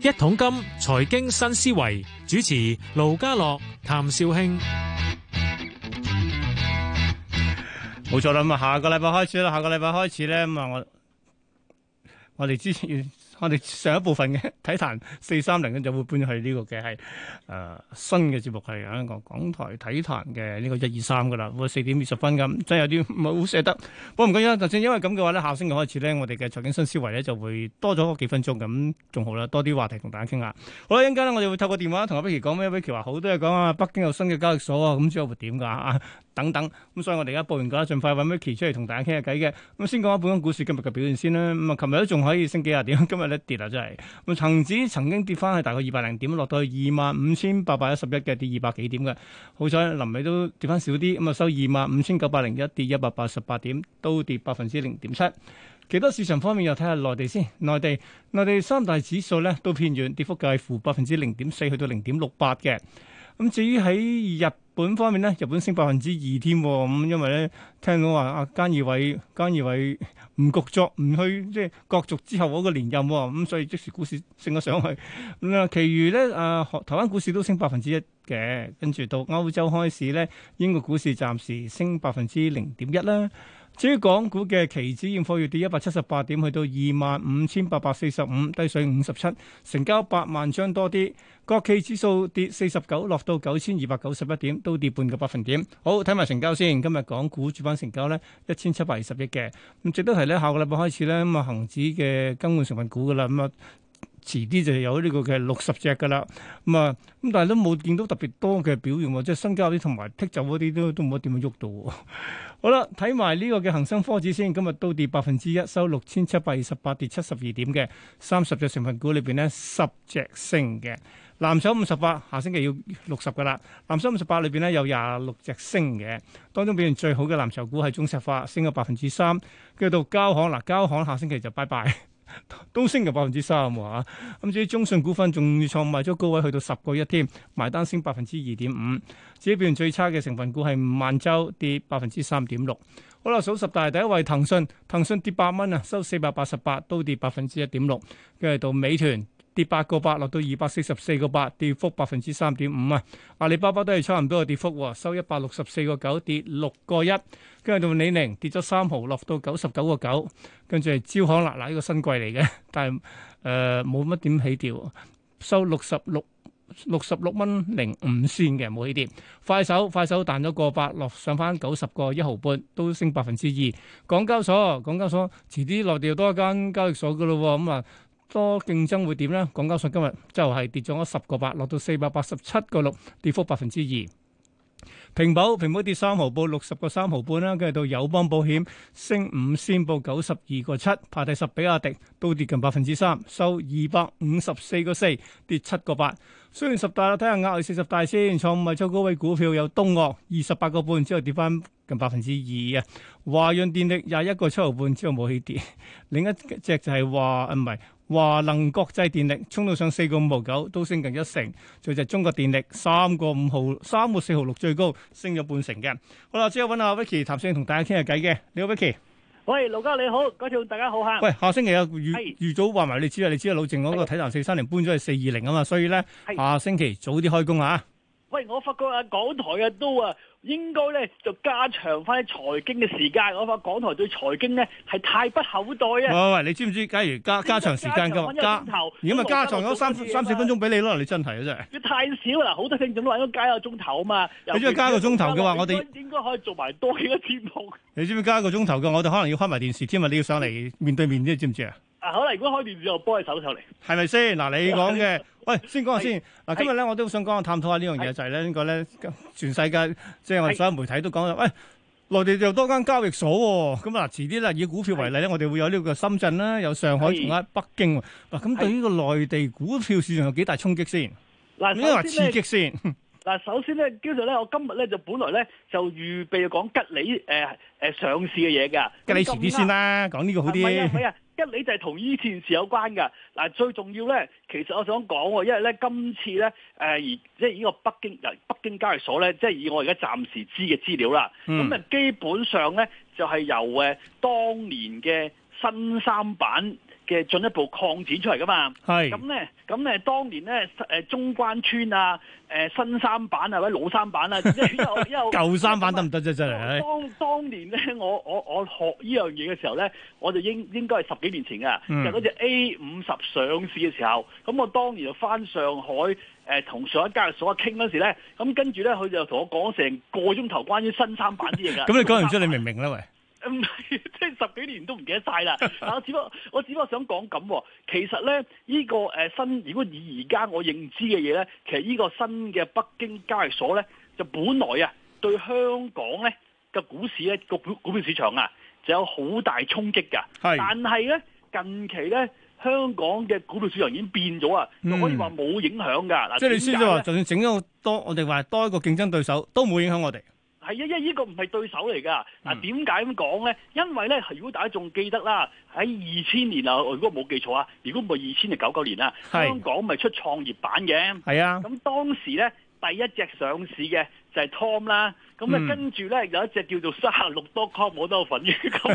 一桶金財經新思維主持盧家樂、譚紹興，冇錯啦。咁啊，下個禮拜開始啦，下個禮拜開始咧，咁、嗯、啊，我我哋之前。我哋上一部分嘅體壇四三零咁就會搬去呢、這個嘅係誒新嘅節目係香港港台體壇嘅呢個一二三噶啦，會四點二十分咁，真係有啲唔係好捨得。不過唔緊要啦，就算因為咁嘅話咧，下星期開始咧，我哋嘅財經新思維咧就會多咗幾分鐘咁，仲好啦，多啲話題同大家傾下。好啦，陣間咧我哋會透過電話同阿 Ben 奇講，Ben 奇話好多嘢講啊，北京有新嘅交易所啊，咁之後會點㗎啊等等。咁所以我哋而家報完個咧，盡快揾 Ben 奇出嚟同大家傾下偈嘅。咁先講下本港股市今日嘅表現先啦。咁啊，琴日都仲可以升幾廿點，今日～一跌啊，真係！咁恆指曾經跌翻去大概二百零點，落到去二萬五千八百一十一嘅，跌二百幾點嘅。好彩臨尾都跌翻少啲，咁啊收二萬五千九百零一，跌一百八十八點，都跌百分之零點七。其他市場方面又睇下內地先，內地內地三大指數咧都偏軟，跌幅介乎百分之零點四去到零點六八嘅。咁至於喺日本方面咧，日本升百分之二添，咁因為咧聽講話阿菅義偉菅義偉唔角逐，唔去即係角逐之後嗰個連任，咁所以即時股市升咗上去。咁啊，其餘咧啊，台灣股市都升百分之一嘅，跟住到歐洲開市，咧，英國股市暫時升百分之零點一啦。至於港股嘅期指現貨月跌一百七十八點，去到二萬五千八百四十五，低水五十七，成交八萬張多啲。國企指數跌四十九，落到九千二百九十一點，都跌半個百分點。好，睇埋成交先。今日港股主板成交咧一千七百二十億嘅。咁值得提咧，下個禮拜開始咧咁啊恒指嘅更換成分股噶啦咁啊。嗯遲啲就有呢個嘅六十隻噶啦，咁、嗯、啊，咁但係都冇見到特別多嘅表現，即係新加嗰啲同埋剔走嗰啲都都冇乜點樣喐到。好啦，睇埋呢個嘅恒生科指先，今日都跌百分之一，收六千七百二十八，跌七十二點。嘅三十隻成分股裏邊咧，十隻升嘅。藍籌五十八，58，下星期要六十噶啦。藍籌五十八裏邊咧有廿六隻升嘅，當中表現最好嘅藍籌股係中石化，升咗百分之三。跟住到交行，嗱、啊，交行下星期就拜拜。都升嘅百分之三喎，咁至於中信股份仲創賣咗高位去到十個一添，埋單升百分之二點五。至於表現最差嘅成分股係萬洲，跌百分之三點六。好啦，數十大第一位騰訊，騰訊跌八蚊啊，收四百八十八，都跌百分之一點六。跟住到美團。跌八個八，落到二百四十四個八，跌幅百分之三點五啊！阿里巴巴都係差唔多嘅跌幅喎，收一百六十四個九，跌六個一。跟住到李寧跌咗三毫，落到九十九個九。跟住招行辣辣呢個新季嚟嘅，但係誒冇乜點起調，收六十六六十六蚊零五仙嘅，冇起調。快手快手彈咗個八，落上翻九十個一毫半，都升百分之二。港交所港交所遲啲落掉多一間交易所嘅咯喎，咁、嗯、啊～多競爭會點呢？港交所今日就係跌咗十個八，落到四百八十七個六，跌幅百分之二。平保平保跌三毫半，六十個三毫半啦。跟住到友邦保險升五先報九十二個七，排第十比亞。比亞迪都跌近百分之三，收二百五十四個四，跌七個八。雖然十大，睇下額外四十大先，創唔係最高位股票，有東嶽二十八個半之後跌翻近百分之二啊，華潤電力廿一個七毫半之後冇起跌，另一隻就係華唔係華能國際電力沖到上四個五毫九，都升近一成，最就係中國電力三個五毫三個四毫六最高，升咗半成嘅。好啦，之後搵阿 Vicky 譚生同大家傾下偈嘅，你好 Vicky。.喂，盧家你好，嗰條大家好吓喂，下星期啊，預預是早話埋你知啊，你知，你知老靜嗰個體壇四三零搬咗去四二零啊嘛，所以咧是下星期早啲開工啊。喂，我發覺啊，港台啊都啊，應該咧就加長翻啲財經嘅時間。我發覺港台對財經咧係太不厚待啊！喂喂，你知唔知？假如加加長時間嘅話，加頭，如果咪加長咗三三四分鐘俾你咯，你真係啊真係！你太少啦，好多聽眾都話應該加一個鐘頭啊嘛。你如果加一個鐘頭嘅話，我哋應該可以做埋多幾多節目。你知唔知加一個鐘頭嘅話，我哋可能要開埋電視添啊！你要上嚟面對面啲，知唔知啊？啊，好啦，如果開電視，我幫你手手嚟，係咪先？嗱，你講嘅，喂，先講下先。嗱，今日咧，我都想講下探討下呢樣嘢，就係咧，呢個咧，全世界即係我哋所有媒體都講啦，喂，內地又多間交易所喎。咁嗱，遲啲啦，以股票為例咧，我哋會有呢個深圳啦，有上海同埋北京啊。咁對於呢個內地股票市場有幾大衝擊先？應該話刺激先？嗱，首先咧，叫做咧，我今日咧就本來咧就預備講吉利上市嘅嘢嘅，吉利遲啲先啦，講呢個好啲。唔係啊，唔係啊，吉利就係同呢件事有關嘅。嗱，最重要咧，其實我想講，因為咧今次咧誒即係呢個北京嗱北京交易所咧，即係以我而家暫時知嘅資料啦，咁啊、嗯、基本上咧就係由誒當年嘅。新三板嘅進一步擴展出嚟噶嘛？係咁咧，咁咧當年咧，誒中關村啊，誒新三板啊，或者老三板啦、啊， 舊三板得唔得啫？真係、啊、當當年咧，我我我學呢樣嘢嘅時候咧，我就應應該係十幾年前噶，嗯、就嗰隻 A 五十上市嘅時候，咁我當年就返上海誒同、呃、上一家交易所傾嗰時咧，咁跟住咧佢就同我講成個鐘頭關於新三板啲嘢噶。咁 你講完之後，你明唔明咧？喂？唔係，即係 十幾年都唔記得晒啦。我只不過，我只不過想講咁。其實咧，呢個誒新，如果以而家我認知嘅嘢咧，其實呢個新嘅北京交易所咧，就本來啊對香港咧嘅股市咧個股股票市場啊，就有好大衝擊㗎。是但係咧近期咧香港嘅股票市場已經變咗啊，嗯、就可以話冇影響㗎。嗱，即係你先至話，就算整咗多，我哋話多一個競爭對手，都冇影響我哋。係啊，因為依個唔係對手嚟噶。嗱、啊，點解咁講咧？因為咧，如果大家仲記得啦，喺二千年啊，如果冇記錯啊，如果唔係二千零九九年啦，香港咪出創業板嘅。係啊的，咁當時咧第一隻上市嘅就係 Tom 啦。咁啊，啊嗯、跟住咧有一隻叫做卅六 dot com 我都有份嘅。咁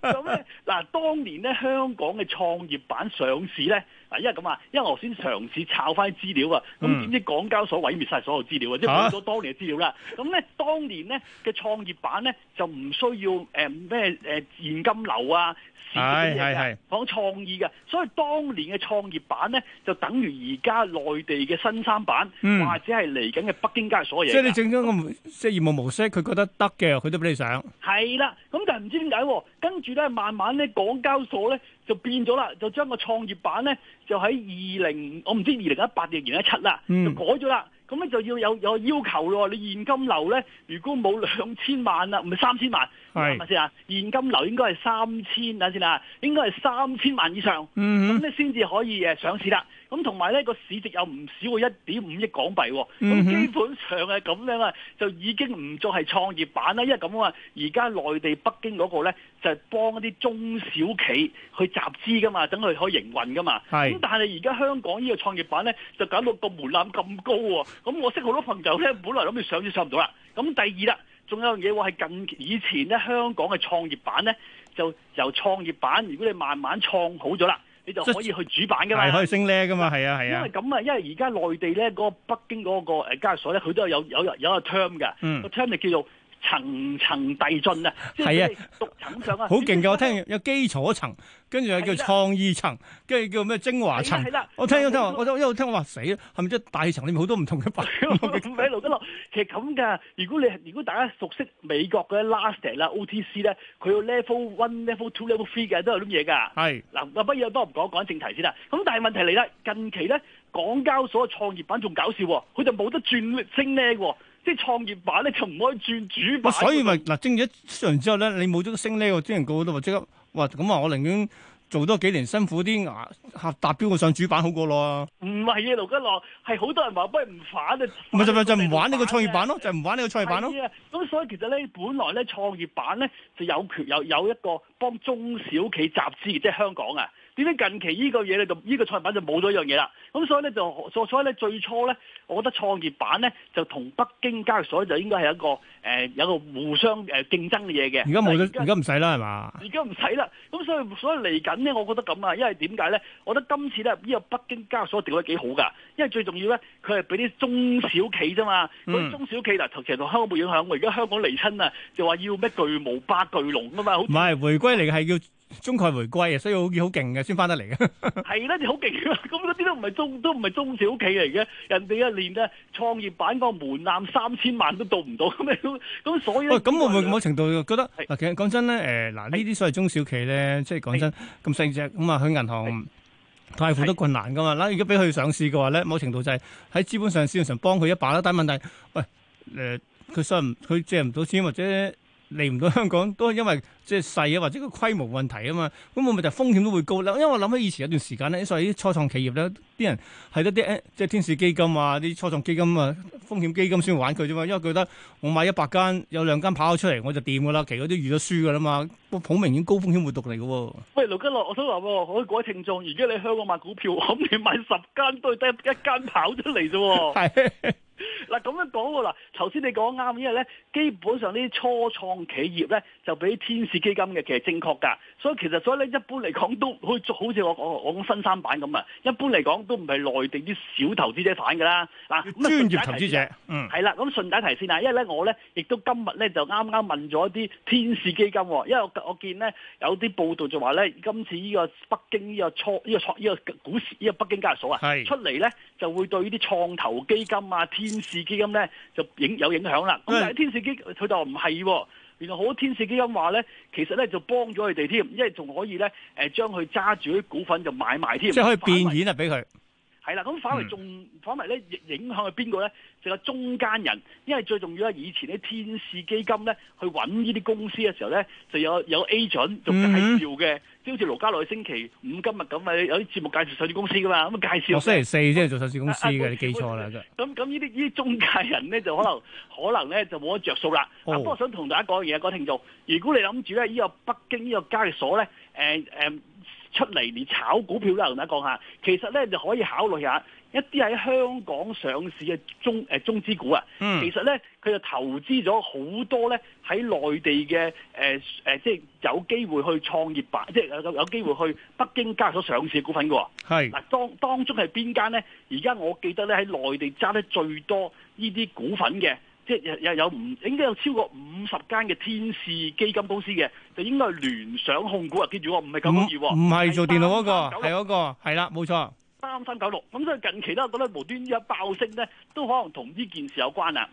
咁咧，嗱、啊，當年咧香港嘅創業板上市咧。啊，因為咁啊，因為我先嘗試抄翻啲資料啊，咁點知港交所毀滅晒所有資料啊，即係冇咗當年嘅資料啦。咁咧，當年咧嘅創業板咧就唔需要誒咩誒現金流啊，係係啊，講、哎哎、創意嘅，所以當年嘅創業板咧就等於而家內地嘅新三板，嗯、或者係嚟緊嘅北京交易所嘢。即係你整咗個即係、就是、業務模式，佢覺得得嘅，佢都俾你上。係啦，咁但係唔知點解喎。跟住咧，慢慢咧，港交所咧就變咗啦，就將個創業板咧就喺二零，我唔知二零一八定二零一七啦，就改咗啦。咁咧、嗯、就要有有要求咯，你現金流咧如果冇兩千萬啦，唔係三千萬，係咪先啊？現金流應該係三千，諗先啊，應該係三千萬以上，咁咧先至可以誒上市啦。咁同埋呢個市值有唔少過一點五億港幣、哦，咁、嗯、哼基本上係咁樣啊，就已經唔再係創業板啦。因為咁啊，而家內地北京嗰個呢，就係、是、幫一啲中小企去集資噶嘛，等佢可以營運噶嘛。咁是但係而家香港呢個創業板呢，就搞到個門檻咁高喎、哦。咁我識好多朋友呢，本來諗住上都上唔到啦。咁第二啦，仲有樣嘢我係近以前呢，香港嘅創業板呢，就由創業板如果你慢慢創好咗啦。你就可以去主板噶嘛，係可以升咧噶嘛，係啊，係啊，啊因。因為咁啊，因為而家內地咧，嗰個北京嗰個誒交易所咧，佢都有有有有個 term 嘅個、嗯、term 就叫做。層層遞進啊！係啊，好勁嘅，我聽有基礎層，跟住又叫創意層，跟住叫咩精華層。我聽我聽我聽我聽我話死，係咪即係大層裏面好多唔同嘅牌？唔係，其實咁噶。如果你如果大家熟悉美國啲 Listed 啦，OTC 咧，佢有 Level One、Level Two、Level Three 嘅，都有啲嘢噶。係嗱，咁乜嘢多唔講，講正題先啦。咁但係問題嚟啦，近期咧港交所嘅創業板仲搞笑，佢就冇得轉升呢。即係創業板咧就唔可以轉主板，所以咪嗱，正如一，上完之後咧，你冇咗升呢個專營股都話即刻，哇咁啊！我寧願做多幾年辛苦啲牙，啊、達標，我上主板好過咯。唔係啊，盧吉樂，係好多人話不如唔反啊。唔係就就就唔玩呢個創業板咯，就唔，是，玩呢個創業板咯。咁所以其實咧，本來咧創業板咧就有權有有一個幫中小企集資，即係香港啊。點解近期呢個嘢咧就呢個創業板就冇咗一樣嘢啦？咁所以咧就所所以咧最初咧，我覺得創業板咧就同北京交易所就應該係一個誒、呃、有個互相誒、呃、競爭嘅嘢嘅。而家冇咗，而家唔使啦係嘛？而家唔使啦。咁所以所以嚟緊咧，我覺得咁啊，因為點解咧？我覺得今次咧呢、呢個北京交易所調得幾好㗎，因為最重要咧，佢係俾啲中小企啫嘛。咁、嗯、中小企嗱，其實同香港冇影響。我而家香港嚟親啊，就話要咩巨無霸巨龍㗎嘛，好唔係回歸嚟嘅係要。中概回歸啊，所以好似好勁嘅，先翻得嚟嘅。係啦，你好勁嘅，咁嗰啲都唔係中都唔係中小企嚟嘅，人哋一年咧，創業板個門檻三千萬都到唔到，咁咁所以。喂，咁會唔會某程度覺得？係。其實講真咧，誒嗱呢啲所謂中小企咧，即係講真咁細隻，咁啊喺銀行貸款都困難噶嘛。嗱，如果俾佢上市嘅話咧，某程度就係喺資本上、市場上幫佢一把啦。但係問題，喂誒，佢收唔佢借唔到錢或者？嚟唔到香港都係因為即係細啊，或者是個規模問題啊嘛。咁我咪就風險都會高啦。因為我諗起以前有段時間咧，所以啲初創企業咧，啲人係得啲即係天使基金啊、啲初創基金啊、風險基金先玩佢啫嘛。因為佢覺得我買一百間，有兩間跑咗出嚟我就掂㗎啦，其實都預咗輸㗎啦嘛。好明顯高風險活動嚟㗎。喂，盧吉樂，我都話喎，我啲各位聽眾，而家你在香港買股票，咁你買十間都係得一間跑出嚟啫。哦。係。 嗱咁樣講喎，喇。頭先你講啱，因為咧基本上啲初創企業咧就俾天使基金嘅，其實正確㗎。所以其實所以咧一般嚟講都好似好似我我我講新三板咁啊，一般嚟講都唔係內地啲小投資者反㗎啦。嗱專業投資者，嗯，係啦。咁順帶提先啊，因為咧我咧亦都今日咧就啱啱問咗一啲天使基金，因為我我見咧有啲報道就話咧今次呢個北京呢個初呢、呢個創呢、呢個呢個股市呢、呢個北京交易所啊，是出嚟咧就會對呢啲創投基金啊，天天使基金咧就影有影響啦。咁但係天使基金佢就唔係，原來好多天使基金話咧，其實咧就幫咗佢哋添，因為仲可以咧誒將佢揸住啲股份就買賣添，即係可以變現啊！俾佢係啦。咁反為仲反為咧影響係邊個咧？就個、係、中間人，因為最重要咧，以前啲天使基金咧去揾呢啲公司嘅時候咧，就有有 agent 仲介紹嘅。嗯好似盧家樂星期五今日咁啊，有啲節目介紹上市公司噶嘛，咁啊介紹。我星期四即係做上市公司嘅，啊、你記錯啦。咁咁呢啲呢啲中介人咧，就可能 可能咧就冇得着數啦。不過想同大家講嘢，講聽眾，如果你諗住咧呢個北京個家呢個交易所咧，誒、呃、誒。呃出嚟，連炒股票啦，同大家講下，其實咧就可以考慮一下一啲喺香港上市嘅中、呃、中資股啊。其實咧，佢就投資咗好多咧喺內地嘅、呃呃、即係有機會去創業板，即係有有機會去北京交易所上市嘅股份嘅喎。嗱是，當當中係邊間咧？而家我記得咧喺內地揸得最多呢啲股份嘅。即係有有有唔應該有超過五十間嘅天使基金公司嘅，就應該係聯想控股啊！跟住我唔係咁易，唔係、嗯、做電腦嗰、那個，係嗰、那個，係啦，冇錯，三三九六。咁所以近期咧，覺得無端端一爆升咧，都可能同呢件事有關啦。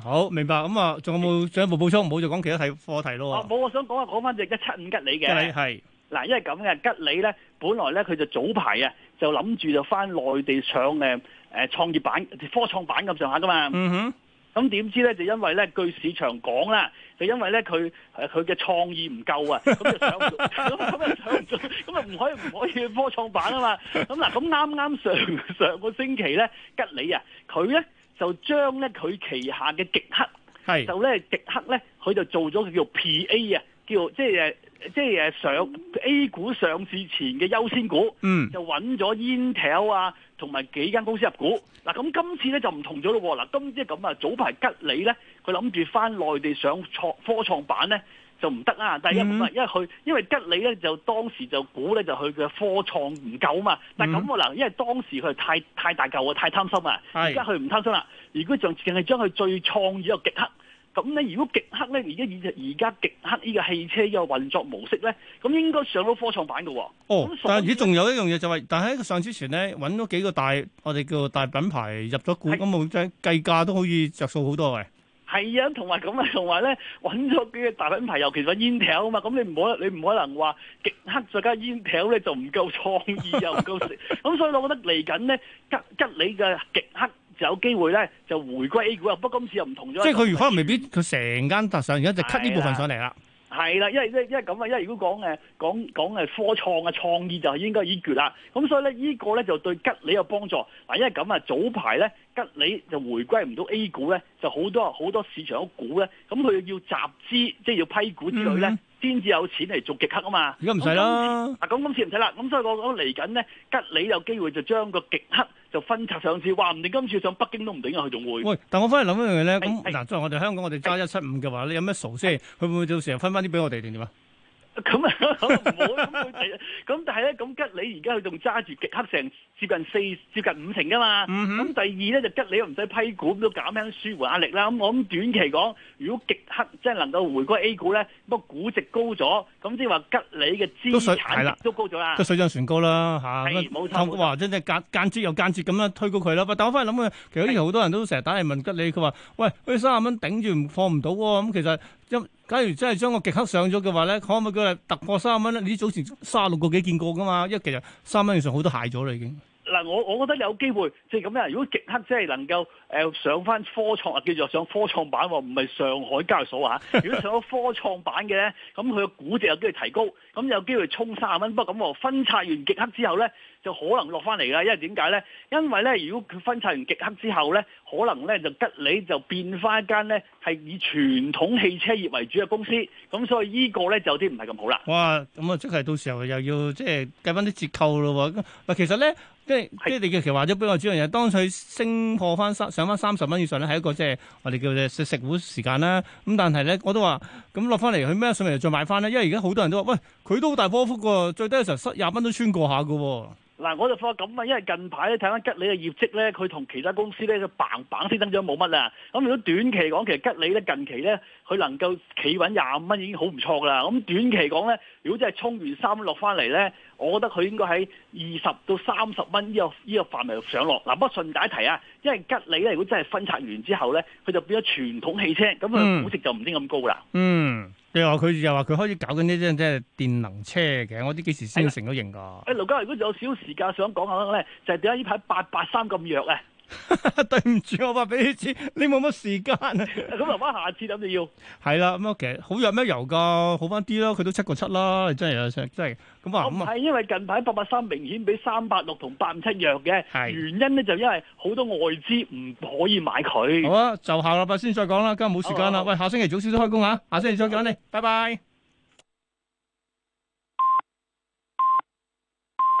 好明白，咁、嗯、啊，仲有冇進一步補充？唔好再講其他題課題咯。冇、哦，我想講啊，講翻隻一七五吉利嘅，係嗱，因為咁嘅吉利咧，本來咧佢就早排啊，就諗住就翻內地上誒誒創業板、科創板咁上下噶嘛。嗯哼。咁點知咧？就因為咧，據市場講啦，就因為咧，佢佢嘅創意唔夠啊，咁就上唔到，咁咁 就上唔到，咁啊唔可以唔可以去科創板啊嘛。咁嗱，咁啱啱上上個星期咧，吉利啊，佢咧就將咧佢旗下嘅極客，係是就咧極客咧，佢就做咗叫 P A 啊，叫即係即係上 A 股上市前嘅優先股，嗯，就揾咗 Intel 啊。同埋幾間公司入股嗱，咁今次咧就唔同咗咯喎，嗱今次咁啊，早排吉利咧，佢諗住翻內地上創科創板咧就唔得啦，但係因為佢、mm hmm. 因，因為吉利咧就當時就估咧就佢嘅科創唔夠嘛，但咁可能，mm hmm. 因為當時佢太太大嚿啊，太貪心啊，而家佢唔貪心啦，如果就淨係將佢最創意又極黑。咁咧，如果極客咧，而家以而家極客呢個汽車嘅運作模式咧，咁應該上到科創板嘅喎、啊。哦，但係如果仲有一樣嘢就係、是，但係喺個上市前咧，揾咗幾個大，我哋叫做大品牌入咗股，咁冇即係計價都可以着數好多嘅。係啊，同埋咁啊，同埋咧揾咗幾個大品牌，尤其是煙條啊嘛，咁你唔可你唔可能話極客再加煙條咧就唔夠創意 又唔夠，咁所以我覺得嚟緊咧吉吉你嘅極客。就有機會咧，就回歸 A 股啊！不過今次又唔同咗。即係佢可能未必，佢成的間特上而家就吸呢部分上嚟啦。係啦，因為因為因為咁啊，因為如果講嘅講講科創啊創意就應該已決啦。咁所以咧，呢個咧就對吉利有幫助。嗱，因為咁啊，早排咧吉利就回歸唔到 A 股咧，就好多好多市場股咧，咁佢要集資，即係要批股之類咧，先至、嗯、哼有錢嚟做極客啊嘛。而家唔使啦。咁今次唔使啦。咁所以我講嚟緊咧，吉利有機會就將個極客，就分拆上市，話唔定今次上北京都唔定啊！佢仲會喂，但我返嚟諗一樣嘢呢。咁嗱，即係我哋香港，我哋揸一七五嘅話是你有咩數先？佢是會唔會到時候分返啲俾我哋啲咩？咁啊，唔會咁去咁，但係咧，咁吉利而家佢仲揸住極客成接近四、接近五成噶嘛。咁、嗯、哼第二咧就吉利又唔使批股，都減輕舒緩壓力啦。咁我諗短期講，如果極客即係能夠回歸 A 股咧，不過估值高咗，咁即係話吉利嘅資產都高咗啦，都水漲船高啦嚇。係、啊、冇錯。哇！真係間間接又間接咁樣推高佢啦。但我翻去諗啊，其實依頭好多人都成日打嚟問吉利，佢話是：喂，嗰三十蚊頂住唔放唔到喎。咁其實因假如真係將個極刻上咗嘅話咧，可唔可以佢突破三十蚊咧？你早前卅六個幾見過噶嘛？一其實三十蚊以上好多蟹咗啦已經了了。嗱，我我覺得有機會即係咁樣。如果極刻真係能夠誒上翻科創啊，叫做上科創板喎，唔係上海交易所啊。如果上咗科創板嘅咧，咁佢個估值有機會提高，咁有機會衝三十蚊。不過咁分拆完極刻之後咧。就可能落翻嚟啦，因為點解咧？因為咧，如果佢分拆完極氪之後咧，可能咧就吉利就變翻一間咧係以傳統汽車業為主嘅公司，咁所以依個咧就有啲唔係咁好啦。哇！咁啊，即係到時候又要即係計翻啲折扣咯喎。其實咧，即係是即係你嘅，其實話咗俾我主要嘢，當佢升破翻三上翻三十蚊以上咧，係一個即係我哋叫做食食糊時間啦。咁但係咧，我都話咁落翻嚟佢咩上嚟再買翻咧，因為而家好多人都話喂，佢都好大波幅㗎，最低嘅時候十廿蚊都穿過下㗎喎。嗱，我就話咁啊，因為近排咧睇翻吉利嘅業績咧，佢同其他公司咧，就棒棒先增長冇乜啦。咁如果短期講，其實吉利咧近期咧，佢能夠企穩廿五蚊已經好唔錯㗎啦。咁短期講咧，如果真係衝完三落翻嚟咧，我覺得佢應該喺二十到三十蚊呢個呢個範圍上落。嗱，不過順帶提啊。因為吉利咧，如果真係分拆完之後咧，佢就變咗傳統汽車，咁佢、嗯、估值就唔知咁高啦。嗯，你話佢又話佢又話佢開始搞緊呢啲即係電能車嘅，我唔知幾時先成咗型噶。的誒，劉家，如果有少少時間想講一下咧，就係點解呢排八八三咁弱啊？ 對唔住，我話俾你知，你冇乜時間啊， 啊。咁阿媽，下次諗就要係啦。咁 OK，好弱咩油噶，好翻啲咯。佢都七個七啦，真係真真係。咁啊，唔係、哦、那因為近排八八三明顯比三八六同八五七弱嘅，是原因咧就因為好多外資唔可以買佢。好啊，就下禮拜先再講啦。今日冇時間啦。啊啊、喂，下星期早少少開工啊。下星期再見你，啊、拜拜。